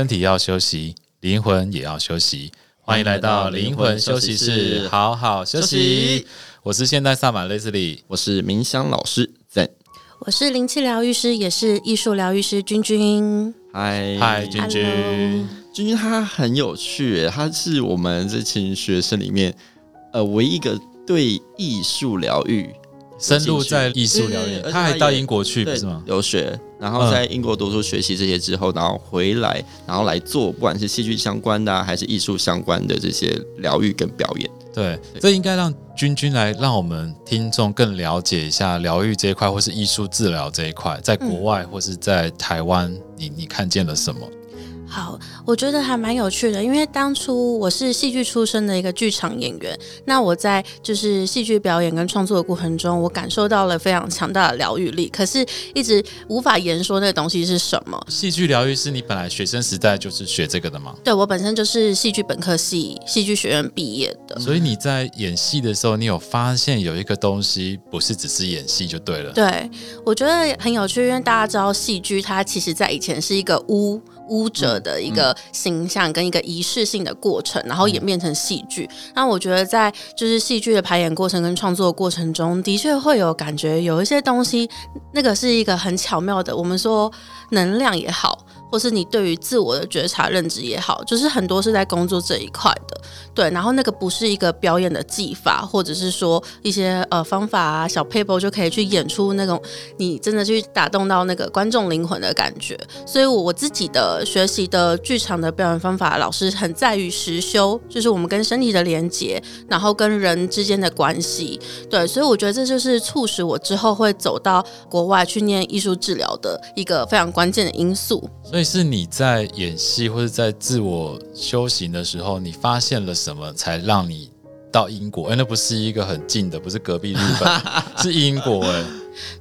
身體要休息，靈魂也要休息。歡迎來到靈魂休息室，好好休息。我是現代薩滿蕾絲麗，我是明香老師 Zen，我是靈氣療癒師，也是藝術療癒師鈞鈞。嗨嗨，鈞鈞，鈞鈞他很有趣，他是我們這群學生裡面呃唯一一個對藝術療癒。深度在藝術療癒，對對對，他還到英國去對不是嗎？留學，然後在英國讀書學習這些之後，然後回來，然後來做，不管是戲劇相關的、啊、還是藝術相關的這些療癒跟表演。對，對，這應該讓鈞鈞來，讓我們聽眾更了解一下療癒這一塊，或是藝術治療這一塊，在國外、嗯、或是在台灣，你你看見了什麼？好，我覺得還蠻有趣的，因為當初我是戲劇出身的一個劇場演員，那我在就是戲劇表演跟創作的過程中，我感受到了非常強大的療癒力，可是一直無法言說那個東西是什麼。戲劇療癒是你本來學生時代就是學這個的嗎？對，我本身就是戲劇本科系戲劇學院畢業的，所以你在演戲的時候，你有發現有一個東西不是只是演戲就對了？對，我覺得很有趣，因為大家知道戲劇它其實在以前是一個巫。巫者的一個形象跟一個儀式性的過程，嗯嗯、然後演變成戲劇。嗯、那我覺得在就是戲劇的排演過程跟創作過程中，的確會有感覺，有一些東西，那個是一個很巧妙的。我們說能量也好。或是你對於自我的覺察認知也好，就是很多是在工作這一塊的，對。然後那個不是一個表演的技法，或者是說一些呃方法啊，小撇步就可以去演出那種你真的去打動到那個觀眾靈魂的感覺。所以，我我自己的學習的劇場的表演方法，老師很在於實修，就是我們跟身體的連接，然後跟人之間的關係，對。所以我覺得這就是促使我之後會走到國外去念藝術治療的一個非常關鍵的因素。是你在演戲，或者在自我修行的時候，你發現了什麼，才讓你到英國？哎、欸，那不是一個很近的，不是隔壁日本， 是英國欸。哎，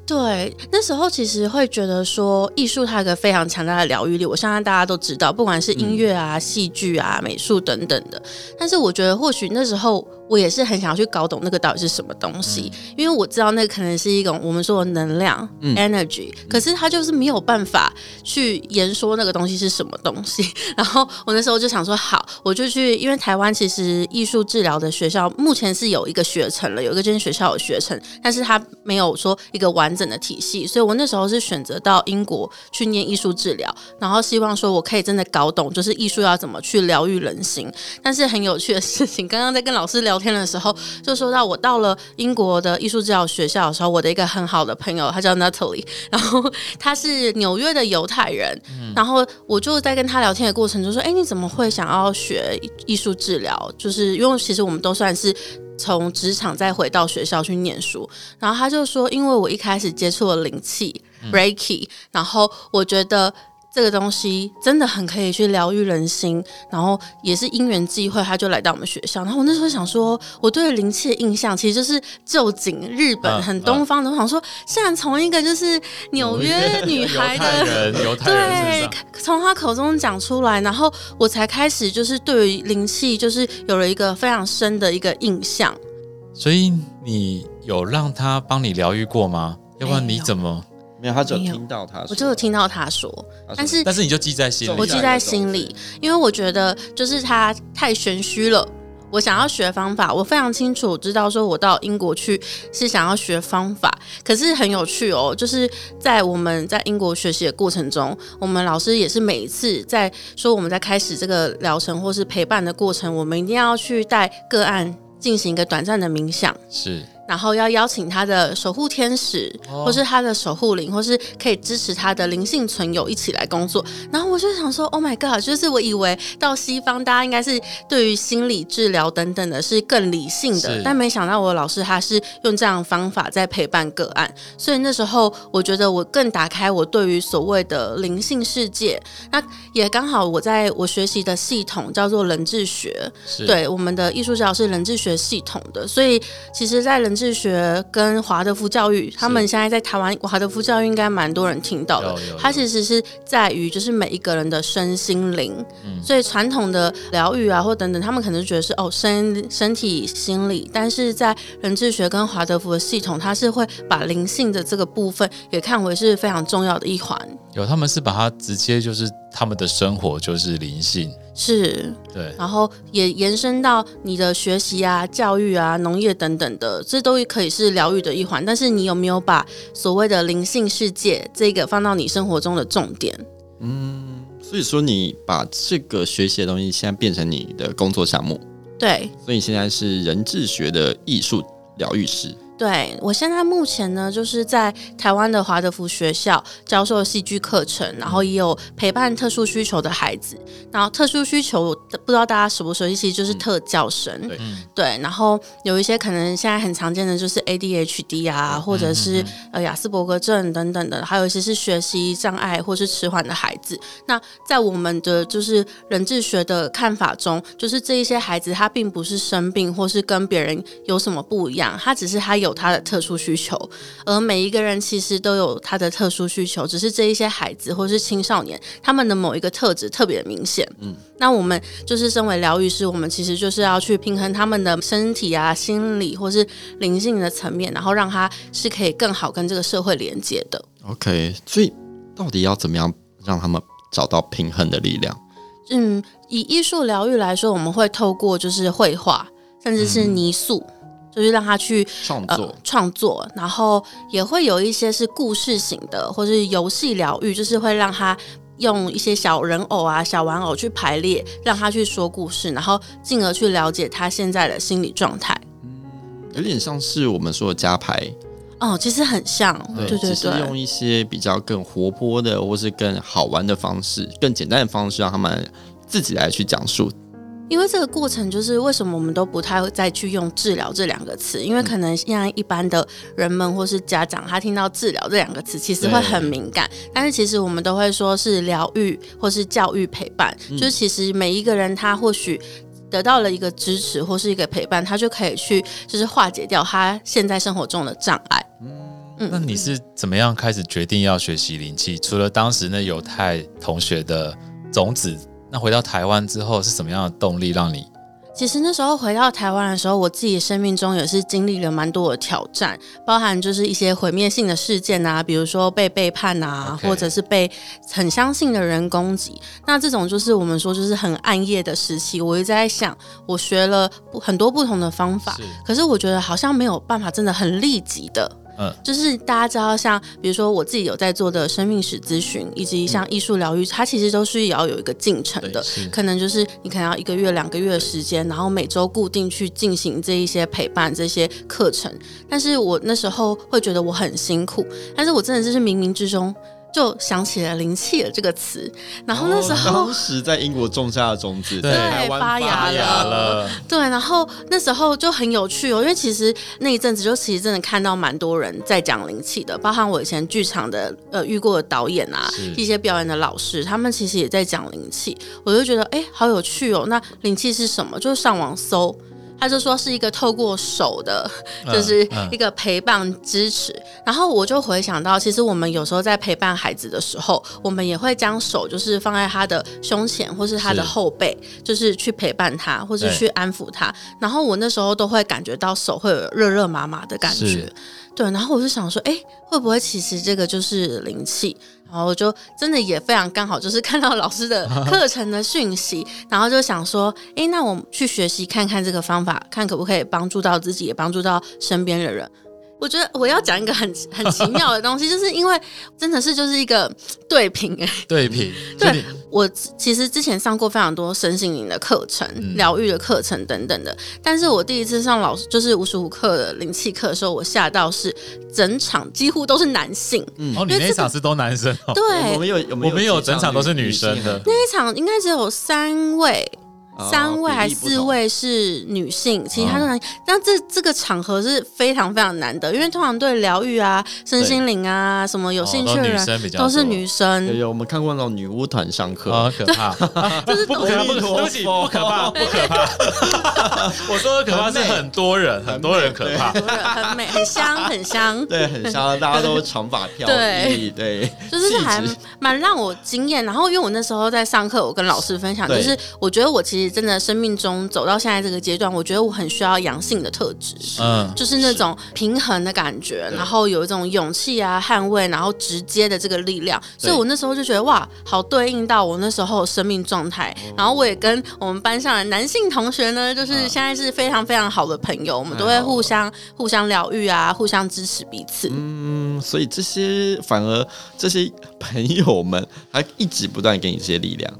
對，那時候其實會覺得說，藝術它有個非常強大的療癒力。我相信大家都知道，不管是音樂啊、戲劇啊、美術等等的。但是我覺得，或許那時候。我也是很想要去搞懂那個到底是什麼東西，嗯、因為我知道那個可能是一種我們說的能量、嗯、（energy），可是他就是沒有辦法去言說那個東西是什麼東西。然後我那時候就想說，好，我就去，因為台灣其實藝術治療的學校目前是有一個學程了，有一個這間學校有學程，但是他沒有說一個完整的體系。所以我那時候是選擇到英國去念藝術治療，然後希望說我可以真的搞懂，就是藝術要怎麼去療癒人心。但是很有趣的事情，剛剛在跟老師聊。聊天的時候就說到，我到了英國的藝術治療學校的時候，我的一個很好的朋友，他叫 Natalie，然後他是紐約的猶太人，然後我就在跟他聊天的過程就說：“哎、欸，你怎麼會想要學藝術治療？就是因為其實我們都算是從職場再回到學校去念書。”然後他就說：“因為我一開始接觸了靈氣 Reiki，嗯，然後我覺得。”這個東西真的很可以去療癒人心，然後也是因緣際會，他就來到我們學校。然後我那時候想說，我對靈氣的印象其實就是臼井日本、啊、很東方的。我想說，像從一個就是紐約女孩的，嗯、人對，從他口中講出來，然後我才開始就是對靈氣就是有了一個非常深的一個印象。所以你有讓他幫你療癒過嗎？要不然你怎麼、哎？沒有，他只有聽到他說。我就有聽到他說，他說但是但是你就記在心裡，我記在心裡，因為我覺得就是他太玄虛了。我想要學方法，我非常清楚知道說，我到英國去是想要學方法。可是很有趣哦，就是在我們在英國學習的過程中，我們老師也是每一次在說我們在開始這個療程或是陪伴的過程，我們一定要去帶個案進行一個短暫的冥想。是。然後要邀請他的守護天使，哦、或是他的守護靈，或是可以支持他的靈性存有一起來工作。然後我就想說，Oh my God！就是我以為到西方大家應該是對於心理治療等等的是更理性的，是但沒想到我老師他是用這樣方法在陪伴個案。所以那時候我覺得我更打開我對於所謂的靈性世界。那也剛好我在我學習的系統叫做人智學，是對，我們的藝術治療是人智學系統的，所以其實在人。智學跟華德福教育，他們現在在台灣，華德福教育應該蠻多人聽到的。它其實是在於就是每一個人的身心靈，嗯、所以傳統的療癒啊或等等，他們可能覺得是哦，身身體心理，但是在人智學跟華德福的系統，它是會把靈性的這個部分也看為是非常重要的一環。有，他們是把它直接就是他們的生活就是靈性。是，對，然後也延伸到你的學習啊、教育啊、農業等等的，這都可以是療癒的一環。但是你有沒有把所謂的靈性世界這個放到你生活中的重點？嗯，所以說你把這個學習的東西現在變成你的工作項目，對，所以你現在是人智學的藝術療癒師。對，我現在目前呢，就是在台灣的華德福學校教授戲劇課程，然後也有陪伴特殊需求的孩子。然後特殊需求不知道大家熟不熟悉？其實就是特教生。嗯、對，對，然後有一些可能現在很常見的就是 ADHD 啊，或者是呃亞斯伯格症等等的，還有一些是學習障礙或是遲緩的孩子。那在我們的就是人智學的看法中，就是這一些孩子他並不是生病，或是跟別人有什麼不一樣，他只是他有。有他的特殊需求，而每一個人其實都有他的特殊需求，只是這一些孩子或是青少年，他們的某一個特質特別明顯。嗯，那我們就是身為療癒師，我們其實就是要去平衡他們的身體啊、心理或是靈性的層面，然後讓他是可以更好跟這個社會連接的。OK，所以到底要怎麼樣讓他們找到平衡的力量？嗯，以藝術療癒來說，我們會透過就是繪畫，甚至是泥塑。嗯就是讓他去創作、呃、創作，然後也會有一些是故事型的，或者是遊戲療癒，就是會讓他用一些小人偶啊、小玩偶去排列，讓他去說故事，然後進而去了解他現在的心理狀態。嗯，有點像是我們說的家排哦，其實很像，對對，對對對，就是用一些比較更活潑的，或是更好玩的方式，更簡單的方式，讓他們自己來去講述。因為這個過程就是為什麼我們都不太會再去用“治療”這兩個詞，因為可能現在一般的人們或是家長，他聽到“治療”這兩個詞其實會很敏感。對但是其實我們都會說是療癒或是教育陪伴，嗯、就是其實每一個人他或許得到了一個支持或是一個陪伴，他就可以去就是化解掉他現在生活中的障礙。嗯，嗯，那你是怎麼樣開始決定要學習靈氣？除了當時那猶太同學的種子？那回到台灣之後，是什麼樣的動力讓你？其實那時候回到台灣的時候，我自己生命中也是經歷了蠻多的挑戰，包含就是一些毀滅性的事件啊，比如說被背叛啊，Okay. 或者是被很相信的人攻擊。那這種就是我們說就是很暗夜的時期。我一直在想，我學了很多不同的方法，是可是我覺得好像沒有辦法真的很立即的。就是大家知道，像比如說我自己有在做的生命史諮詢，以及像藝術療癒，它其實都是也要有一個進程的，可能就是你可能要一個月、兩個月的時間，然後每周固定去進行這一些陪伴、這些課程。但是我那時候會覺得我很辛苦，但是我真的就是冥冥之中。就想起了靈氣的這個詞，然後那時候當時在英國種下的種子，對，發芽了，了，對，然後那時候就很有趣哦，因為其實那一陣子就其實真的看到蠻多人在講靈氣的，包含我以前劇場的呃遇過的導演啊，是一些表演的老師，他們其實也在講靈氣，我就覺得哎、欸，好有趣哦，那靈氣是什麼？就是上網搜。他就說是一個透過手的，就是一個陪伴支持。啊啊、然後我就回想到，其實我們有時候在陪伴孩子的時候，我們也會將手就是放在他的胸前或是他的後背，是就是去陪伴他或是去安撫他。對然後我那時候都會感覺到手會有熱熱麻麻的感覺，是對。然後我就想說，哎、欸，會不會其實這個就是靈氣？然後我就真的也非常剛好，就是看到老師的課程的訊息， 然後就想說，誒、欸，那我去學習看看這個方法，看可不可以幫助到自己，也幫助到身邊的人。我覺得我要講一個很很奇妙的東西， 就是因為真的是就是一個對屏哎、欸，對屏評。對，我其實之前上過非常多身心靈的課程、療癒、嗯、的課程等等的，但是我第一次上老師就是無實無刻的靈氣課的時候，我嚇到是整場幾乎都是男性。嗯這個、哦，你那一場是都男生、哦？對，我們有我們有，有整場都是女生的，生的那一場應該只有三位。三位還四位是女性，其他的，但這這個場合是非常非常難得，因為通常對療癒啊、身心靈啊什麼有興趣的人都是女生。有我們看過那種女巫團上課，好可怕，就是東西，東不可怕，不可怕。我說的可怕是很多人，很多人可怕，很美，很香，很香，對，很香，大家都長髮飄逸，對，就是還蠻讓我驚艷。然後，因為我那時候在上課，我跟老師分享，就是我覺得我其實。真的生命中走到現在這個階段，我覺得我很需要陽性的特質，是嗯，就是那種平衡的感覺，是然後有一種勇氣啊、捍衛，然後直接的這個力量。對所以我那時候就覺得哇，好對應到我那時候的生命狀態。對然後我也跟我們班上的男性同學呢，就是現在是非常非常好的朋友，啊、我們都會互相互相療癒啊，互相支持彼此。嗯，所以這些反而這些朋友們，還一直不斷給你這些力量。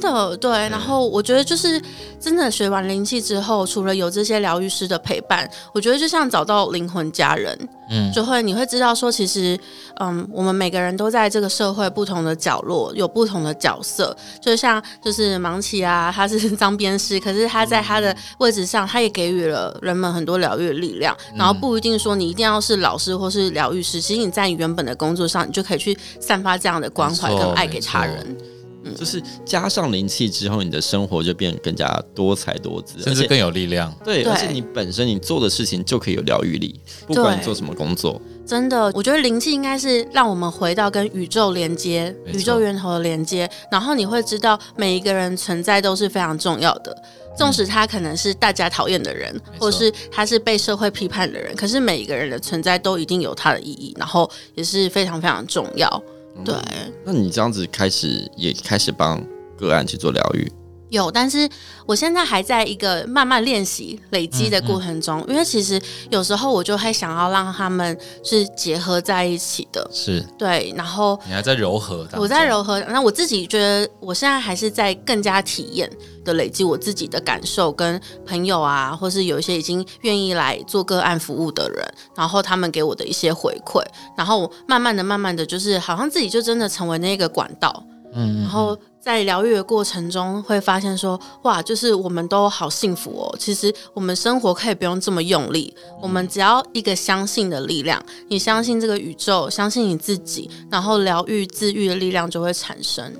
的對，然後我覺得就是真的學完靈氣之後，除了有這些療癒師的陪伴，我覺得就像找到靈魂家人，嗯，就會你會知道說，其實嗯，我們每個人都在這個社會不同的角落有不同的角色，就像就是盲棋啊，他是髒辮師，可是他在他的位置上，嗯、他也給予了人們很多療癒力量。然後不一定說你一定要是老師或是療癒師，嗯、其實你在原本的工作上，你就可以去散發這樣的關懷跟愛給他人。就是加上靈氣之後，你的生活就變得更加多彩多姿，甚至更有力量。對，對而且你本身你做的事情就可以有療癒力，對不管你做什麼工作。真的，我覺得靈氣應該是讓我們回到跟宇宙連接、錯宇宙源頭的連接，然後你會知道每一個人存在都是非常重要的，縱使他可能是大家討厭的人，嗯、或是他是被社會批判的人，錯可是每一個人的存在都一定有它的意義，然後也是非常非常重要。對，嗯，那你這樣子開始，也開始幫個案去做療癒？有，但是我現在還在一個慢慢練習、累積的過程中。嗯嗯、因為其實有時候我就會想要讓他們是結合在一起的，是對。然後你還在柔和，我在柔和。那我自己覺得，我現在還是在更加體驗的累積我自己的感受，跟朋友啊，或是有一些已經願意來做個案服務的人，然後他們給我的一些回饋，然後我慢慢的、慢慢的，就是好像自己就真的成為那個管道，嗯，嗯，嗯，然後。在療癒的過程中，會發現說，哇，就是我們都好幸福哦。其實我們生活可以不用這麼用力，我們只要一個相信的力量。你相信這個宇宙，相信你自己，然後療癒、自癒的力量就會產生。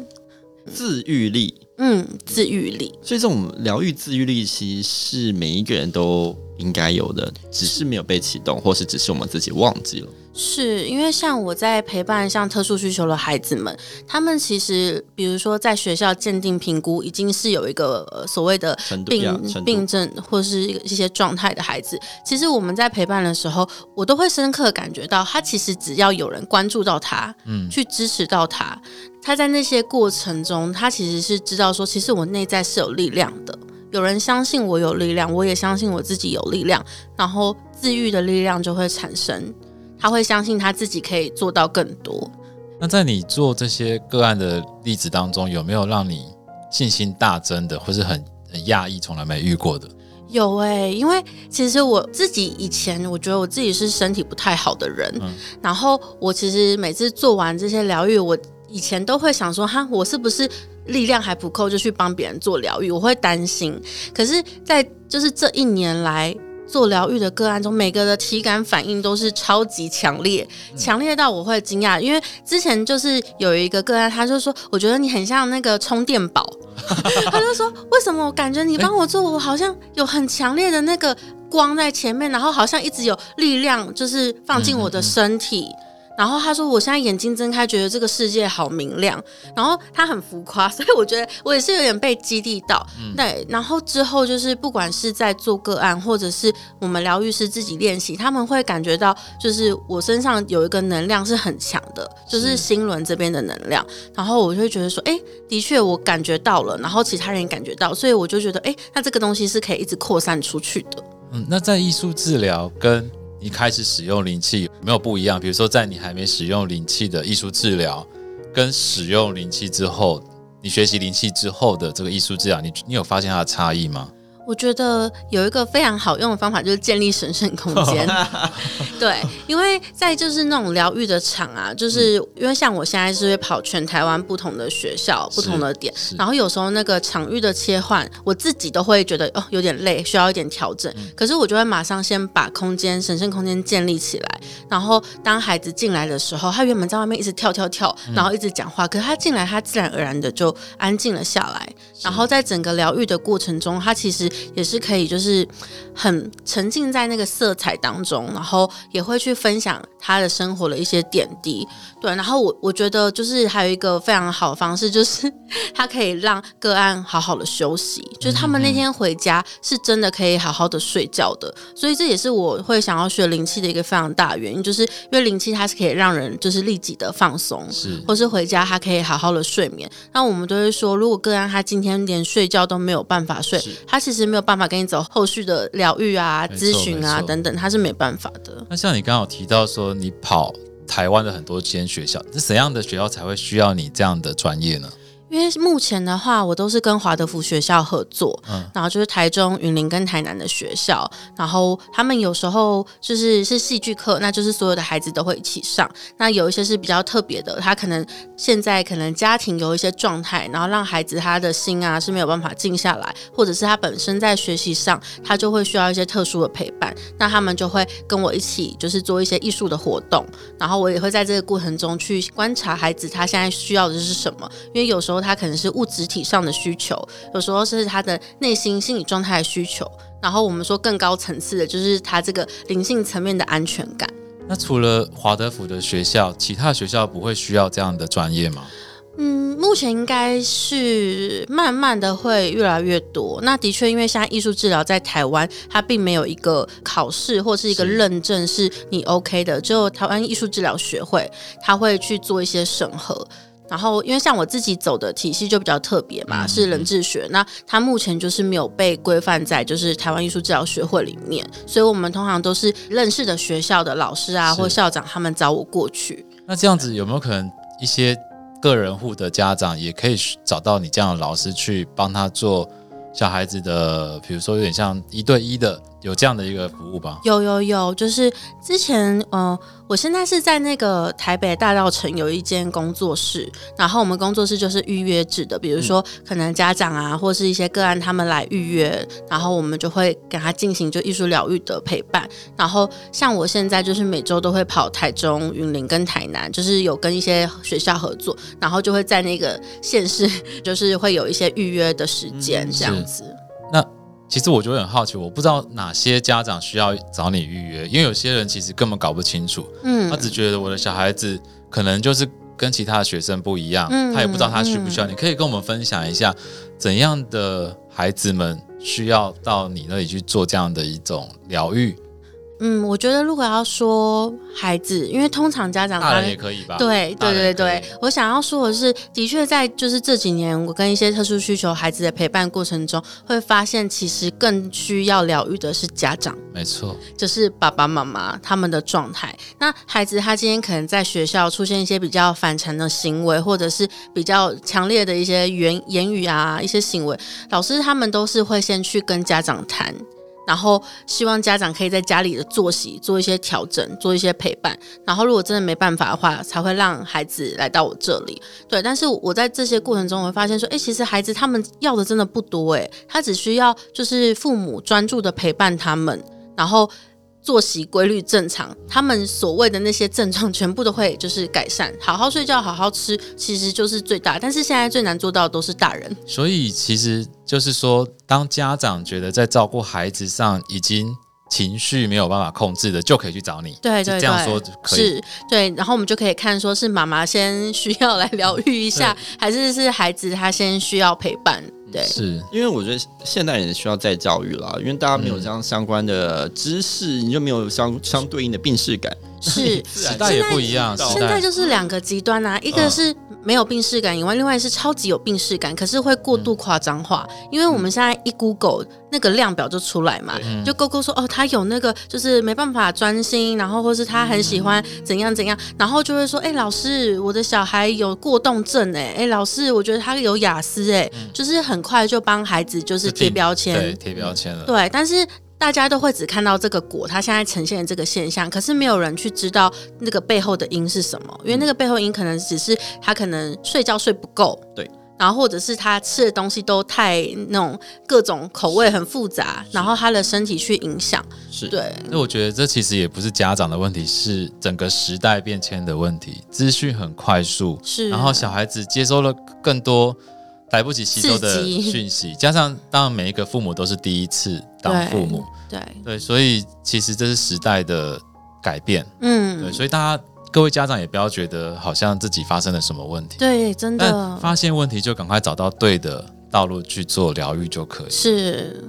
自癒力。嗯，自癒力。所以這種療癒、自愈力，其實是每一個人都。應該有的，只是沒有被啟動，或是只是我們自己忘記了。是因為像我在陪伴像特殊需求的孩子們，他們其實比如說在學校鑑定評估已經是有一個，呃，所謂的病病症，或是一些狀態的孩子，其實我們在陪伴的時候，我都會深刻感覺到，他其實只要有人關注到他，嗯，去支持到他，他在那些過程中，他其實是知道說，其實我內在是有力量的。有人相信我有力量，我也相信我自己有力量，然後自癒的力量就會產生。他會相信他自己可以做到更多。那在你做這些個案的例子當中，有沒有讓你信心大增的，或是很很訝異、從來沒遇過的？有哎、欸，因為其實我自己以前，我覺得我自己是身體不太好的人，嗯、然後我其實每次做完這些療癒，我。以前都會想說哈，我是不是力量還不夠就去幫別人做療癒？我會擔心。可是，在就是這一年來做療癒的個案中，每個的體感反應都是超級強烈，強烈到我會驚訝。因為之前就是有一個個案，他就說：“我覺得你很像那個充電寶。” 他就說：“為什麼我感覺你幫我做，我好像有很強烈的那個光在前面，然後好像一直有力量，就是放進我的身體。” 然後他說：“我現在眼睛睜開，覺得這個世界好明亮。”然後他很浮誇，所以我覺得我也是有點被激勵到。嗯、對，然後之後就是不管是在做個案，或者是我們療癒師自己練習，他們會感覺到，就是我身上有一個能量是很強的，就是心輪這邊的能量。是。然後我就會覺得說：“哎、欸，的確我感覺到了。”然後其他人也感覺到，所以我就覺得：“哎、欸，那這個東西是可以一直擴散出去的。”嗯，那在藝術治療跟。你開始使用靈氣有沒有不一樣？比如說，在你還沒使用靈氣的藝術治療，跟使用靈氣之後，你學習靈氣之後的這個藝術治療，你你有發現它的差異嗎？我覺得有一個非常好用的方法，就是建立神聖空間、哦。啊、 對，因為在就是那種療癒的場啊，就是因為像我現在是會跑全台灣不同的學校、是不同的點，然後有時候那個場域的切換，我自己都會覺得，哦，有點累，需要一點調整。嗯、可是我就會馬上先把空間神聖空間建立起來，然後當孩子進來的時候，他原本在外面一直跳跳跳，嗯、然後一直講話，可是他進來，他自然而然的就安靜了下來。是然後在整個療癒的過程中，他其實。也是可以，就是很沉浸在那個色彩當中，然後也會去分享他的生活的一些點滴，對。然後我我覺得就是還有一個非常好的方式，就是他可以讓個案好好的休息，就是他們那天回家是真的可以好好的睡覺的。所以這也是我會想要學靈氣的一個非常大原因，就是因為靈氣它是可以讓人就是立即的放鬆，是，或是回家他可以好好的睡眠。那我們都會說，如果個案他今天連睡覺都沒有辦法睡，是他其實。沒有辦法跟你走後續的療癒啊、諮詢啊等等，他是沒辦法的。那像你剛剛有提到說，你跑台灣的很多間學校，是怎樣的學校才會需要你這樣的專業呢？因為目前的話，我都是跟華德福學校合作，嗯。然後就是台中、雲林跟台南的學校，然後他們有時候就是是戲劇課，那就是所有的孩子都會一起上。那有一些是比較特別的，他可能現在可能家庭有一些狀態，然後讓孩子他的心啊是沒有辦法靜下來，或者是他本身在學習上，他就會需要一些特殊的陪伴，那他們就會跟我一起就是做一些藝術的活動，然後我也會在這個過程中去觀察孩子他現在需要的是什麼，因為有時候。他可能是物質體上的需求，有時候是他的內心心理狀態的需求。然後我們說更高層次的，就是他這個靈性層面的安全感。那除了華德福的學校，其他學校不會需要這樣的專業嗎？嗯，目前應該是慢慢的會越來越多。那的確，因為現在藝術治療在台灣，它並沒有一個考試或是一個認證是你 OK 的。是只有台灣藝術治療學會，他會去做一些審核。然後，因為像我自己走的體系就比較特別嘛，嗯、是人智學，嗯、那它目前就是沒有被規範在就是台灣藝術治療學會裡面，所以我們通常都是認識的學校的老師啊是或校長他們找我過去。那這樣子有沒有可能一些個人戶的家長也可以找到你這樣的老師去幫他做小孩子的，比如說有點像一對一的？有這樣的一個服務吧？有有有，就是之前，嗯、呃，我現在是在那個台北大稻埕有一間工作室，然後我們工作室就是預約制的，比如說可能家長啊，或是一些個案他們來預約，然後我們就會給他進行就藝術療癒的陪伴。然後像我現在就是每週都會跑台中、雲林跟台南，就是有跟一些學校合作，然後就會在那個縣市就是會有一些預約的時間這樣子。嗯、那。其實我就很好奇，我不知道哪些家長需要找你預約，因為有些人其實根本搞不清楚，嗯，他只覺得我的小孩子可能就是跟其他學生不一樣，嗯，他也不知道他需不需要。嗯，你可以跟我們分享一下，怎樣的孩子們需要到你那裡去做這樣的一種療癒？嗯，我覺得如果要說孩子，因為通常家長也可以吧，對對對對，我想要說的是，的確在就是這幾年，我跟一些特殊需求孩子的陪伴過程中，會發現其實更需要療癒的是家長，沒錯，就是爸爸媽媽他們的狀態。那孩子他今天可能在學校出現一些比較反常的行為，或者是比較強烈的一些言言語啊一些行為，老師他們都是會先去跟家長談。然後希望家長可以在家裡的作息做一些調整，做一些陪伴。然後如果真的沒辦法的話，才會讓孩子來到我這裡。對，但是我在這些過程中，我發現說，哎，其實孩子他們要的真的不多，哎，他只需要就是父母專注的陪伴他們，然後。作息規律正常，他們所謂的那些症狀全部都會就是改善。好好睡覺，好好吃，其實就是最大。但是現在最難做到的都是大人。所以其實就是說，當家長覺得在照顧孩子上已經情緒沒有辦法控制的，就可以去找你。對，對，對，就這樣說就可以。是，對，然後我們就可以看，說是媽媽先需要來療癒一下，對還是是孩子他先需要陪伴。對，是因為我覺得現代人需要再教育了，因為大家沒有這樣相關的知識，嗯、你就沒有相相對應的病識感。是時代然在也不一樣，現在就是兩個極端吶、啊，一個是沒有病識感以外，嗯、另外是超級有病識感，可是會過度誇張化。嗯、因為我們現在一 Google、嗯、那個量表就出來嘛，嗯、就 Google 說哦，他有那個就是沒辦法專心，然後或是他很喜歡怎樣怎樣，嗯、然後就會說，哎、欸，老師，我的小孩有過動症、欸，哎，哎，老師，我覺得他有亞斯、欸，哎、嗯，就是很快就幫孩子就是貼標籤，貼標籤了、嗯，對，但是。大家都會只看到這個果，他現在呈現的這個現象，可是沒有人去知道那個背後的因是什麼。因為那個背後因可能只是他可能睡覺睡不夠，對，然後或者是他吃的東西都太那種各種口味很複雜，然後他的身體去影響，是對。那我覺得這其實也不是家長的問題，是整個時代變遷的問題。資訊很快速，是，然後小孩子接收了更多來不及吸收的訊息，急加上當然每一個父母都是第一次。當父母，對對，所以其實這是時代的改變，嗯，對，所以大家各位家長也不要覺得好像自己發生了什麼問題，對，真的。但發現問題就趕快找到對的道路去做療癒就可以。是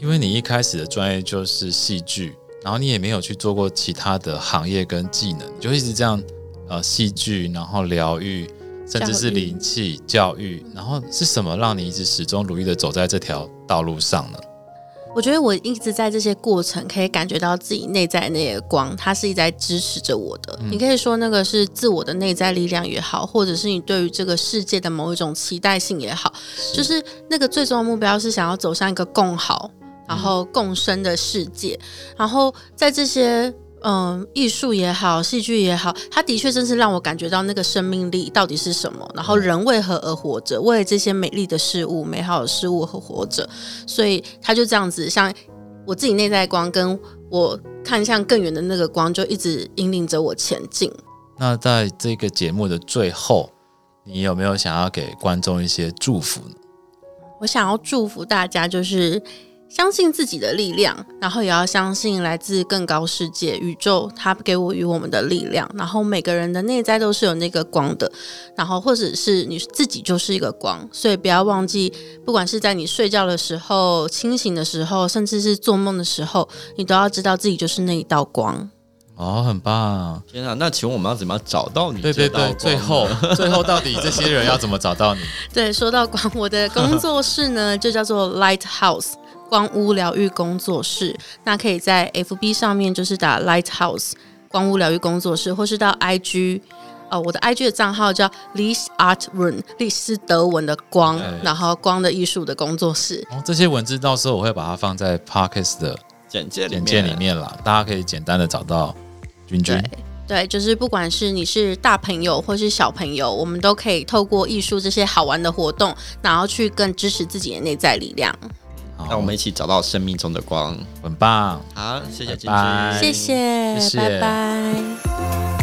因為你一開始的專業就是戲劇，然後你也沒有去做過其他的行業跟技能，你就一直這樣呃戲劇，然後療癒，甚至是靈氣教育，教育，然後是什麼讓你一直始終如一的走在這條道路上呢？我覺得我一直在這些過程，可以感覺到自己內在那些光，它是一直在支持着我的。嗯、你可以說那個是自我的內在力量也好，或者是你對於這個世界的某一種期待性也好，是就是那個最終的目標是想要走向一個共好、然後共生的世界。嗯、然後在這些。嗯，藝術也好，戲劇也好，他的確真是讓我感覺到那個生命力到底是什麼。然後，人為何而活着？為這些美麗的事物、美好的事物而活着。所以，他就這樣子，像我自己內在光，跟我看向更遠的那個光，就一直引領着我前進。那在這個節目的最後，你有沒有想要給觀眾一些祝福呢？我想要祝福大家，就是。相信自己的力量，然後也要相信來自更高世界、宇宙，它給我與我們的力量。然後每個人的內在都是有那個光的，然後或者是你自己就是一個光，所以不要忘記，不管是在你睡覺的時候、清醒的時候，甚至是做夢的時候，你都要知道自己就是那一道光。哦，很棒啊！天啊，那請問我們要怎麼樣找到你？對對對，最後最後到底這些人要怎麼找到你？ 對，說到光，我的工作室呢就叫做 Lighthouse。光屋療癒工作室，那可以在 F B 上面就是打 Lighthouse 光屋療癒工作室，或是到 I G 哦、呃，我的 I G 的賬號叫 Licht Art Room，Licht Okay. 是德文的光，然後光的藝術的工作室哦。這些文字到時候我會把它放在 Podcast 的簡介簡介裡面啦，面大家可以簡單的找到鈞鈞。對，對，就是不管是你是大朋友或是小朋友，我們都可以透過藝術這些好玩的活動，然後去更支持自己的內在力量。好讓我們一起找到生命中的光，很棒。好，謝謝鈞鈞，拜拜。謝謝，謝謝拜拜。